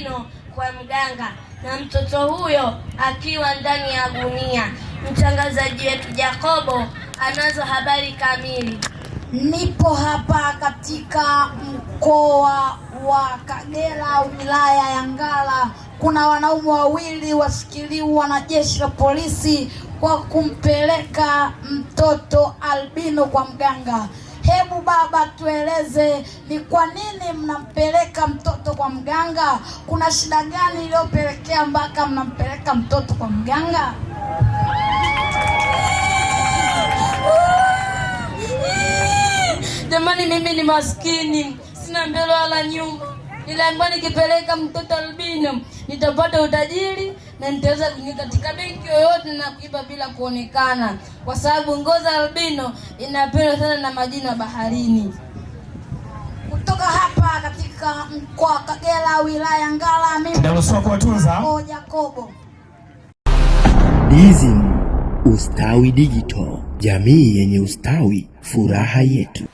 jino kwa mganga na mtoto huyo akiwa ndani ya gunia. Mtangazaji wetu Jacobo anazo habari kamili. Nipo hapa katika mkoa wa Kagera, wilaya ya Ngara. Kuna wanaume wawili washikiliwa na jeshi la polisi kwa kumpeleka mtoto albino kwa mganga. Hebu baba, tueleze ni kwa nini mnampeleka mganga? Kuna shida gani iliyopelekea mpaka mnampeleka mtoto kwa mganga? Jamani, mimi ni maskini, sina mbele wala nyuma. Niliambiwa nikipeleka mtoto albino nitapata utajiri na nitaweza kuingia katika benki yoyote na kuiba bila kuonekana, kwa sababu ngozi albino inapendwa sana na majina baharini katika mkoa Kagera, wilaya Ngara, mimi kuwatunza Jacobo. Ustawi Digital, jamii yenye ustawi, furaha yetu.